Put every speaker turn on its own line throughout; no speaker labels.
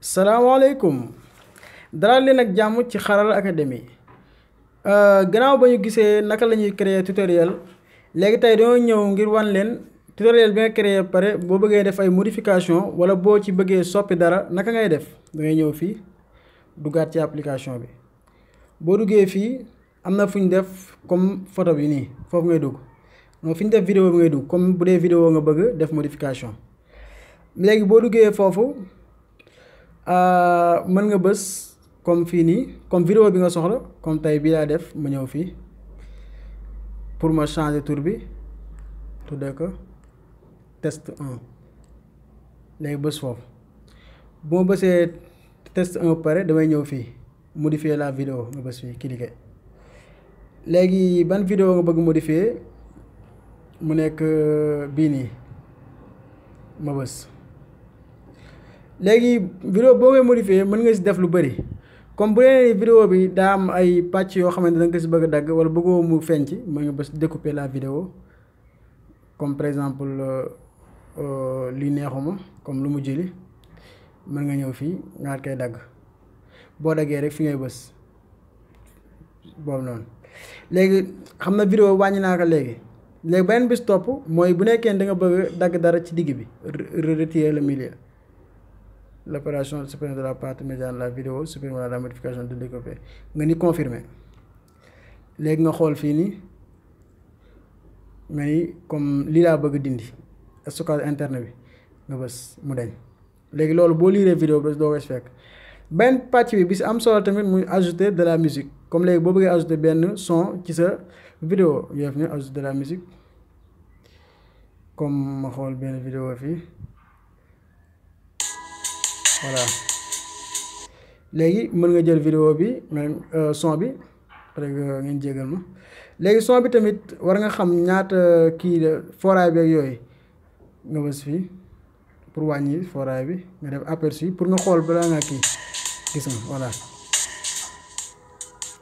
salaamaaleykum dara leen ak jàmm ci Xarala Academy euh, gannaaw ba ñu gisee naka la ñuy créer tutoriel léegi tey dañoo ñëw ngir wan leen tutoriel bi nga créer pare boo bëggee def ay modification wala boo ci bëggee soppi dara naka ngay def da ñëw fii duggaat ci application bi boo duggee fii am na fu ñu def comme photo bi nii foofu ngay dugg moom fi ñu def vidéo bi ngay dugg comme bu dee vidéo nga bëgg def modification léegi boo duggee foofu. Euh, mën nga bës comme fii nii comme vidéo bi nga soxla comme tey bii laa def ma ñëw fii pour ma changer tour bi tuddee ko test 1 léegi bës foofu bu ma bësee test 1 pare damay ñëw fii modifier la vidéo nga bës fii cliquer léegi ban vidéo nga bëgg modifier mu nekk euh, bii nii ma bës léegi vidéo boo koy modifier mën nga si def lu bëri comme bu dee bi daa am ay pàcc yoo xamante da nga bëgg dagg wala bëggoo mu feeñ ci mën nga bës découper la vidéo comme par exemple euh, euh, lii neexuma comme lu mu jëli mën nga ñëw fii nga koy dagg boo daggee rek fi ngay bës boobu noonu léegi xam na vidéo wàññi naa ko léegi léegi beneen bis topp mooy bu nekkee da nga bëgg dagg dara ci digg bi retirer le millier l'opération supprimer de la partie médiane la vidéo supprimer la modification de découpé nga ni confirmé. léegi nga xool fii Mais comme lii laa bëgg dindi stockage interne bi nga bës mu dañ léegi loolu boo liiree vidéo bi doo wees fekk benn pàcc bi bi si am solo tamit muy ajouter de la musique comme léegi boo bëggee ajouter benn son ci sa vidéo yooyu fi ne ajouter de la musique comme ma xool benn vidéo fii voilà léegi mën nga jël vidéo bi euh, son bi rek ngeen jégal ma léegi son bi tamit war nga xam ñaata kii de fooraay bi ak yooyu nga bës fii pour wàññi fooraay bi nga def aperçu pour nga xool balaa ngaa kii gis nga voilà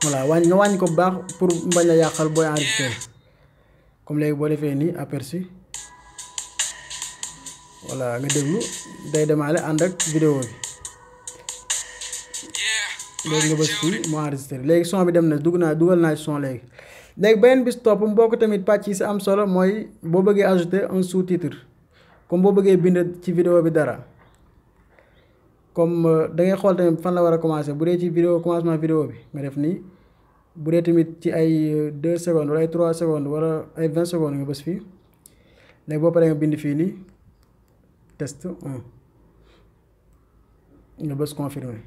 voilà wàññi nga wàññi ko bu baax pour mbañ la yàqal booy enregistré comme léegi boo defee nii aperçu voilà nga déglu day demaale ànd ak vidéo bi léegi nga bës fii mu enregistré léegi son bi dem na dugg naa dugal naa ci son léegi léegi beneen bis topp ko tamit pàcc yi si am solo mooy boo bëggee ajouter un sous-titre comme boo bëggee bind ci vidéo bi dara comme euh, da ngay xool tamit fan la war a commencer bu dee ci vidéo commencement vidéo bi nga def nii bu dee tamit ci ay 2 euh, secondes wala ay 3 secondes wala ay 20 secondes nga bës fii léegi boo paree bind fii nii. test 1 confirmer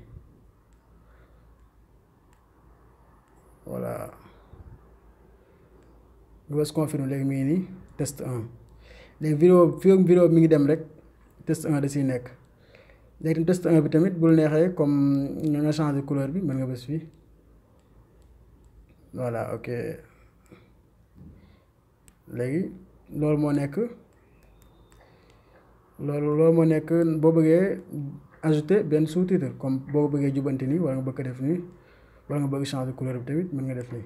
voilà Je confirmer mini test 1 Les vidéo film, vidéo test 1 de test 1 vitamine. bul comme nga de couleur bi voilà ok léegi loolu loolu moo nekk boo bëggee ajouter benn sous-titre comme boo bëggee jubanti nii wala nga bëgg def nii wala nga bëgg changer couleur bi tamit mën nga def nii.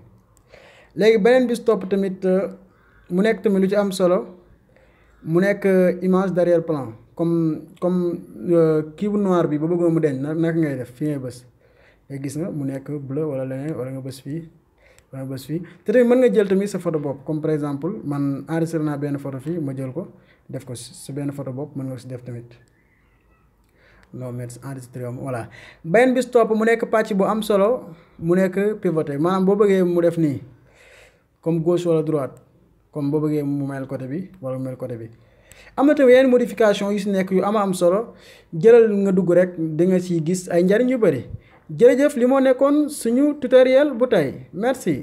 léegi beneen bis topp tamit euh, mu nekk tamit lu ci am solo mu nekk euh, image d'arrière plan comme comme euh, kii bu noir bi ba bëggoon mu deñ naka ngay def fi ngay bës nga gis nga mu nekk bleu wala leneen wala nga bës fii. waaw bés fii te tamit mën nga jël tamit sa photo bopp comme par exemple man enregistré naa benn photo fii ma jël ko def ko si benn photo bopp mën nga si def tamit loo mettre enregistré voilà. beneen bis topp mu nekk pàcc bu am solo mu nekk pivoté maanaam boo bëggee mu def nii comme gauche wala droite comme boo bëggee mu mel côté bi wala mu mel côté bi. am na tamit yeneen modification yu si nekk yu am am solo jëlal nga dugg rek di nga siy gis ay njariñ yu bëri. jërëjëf li moo nekkoon suñu tutoriel bu tey merci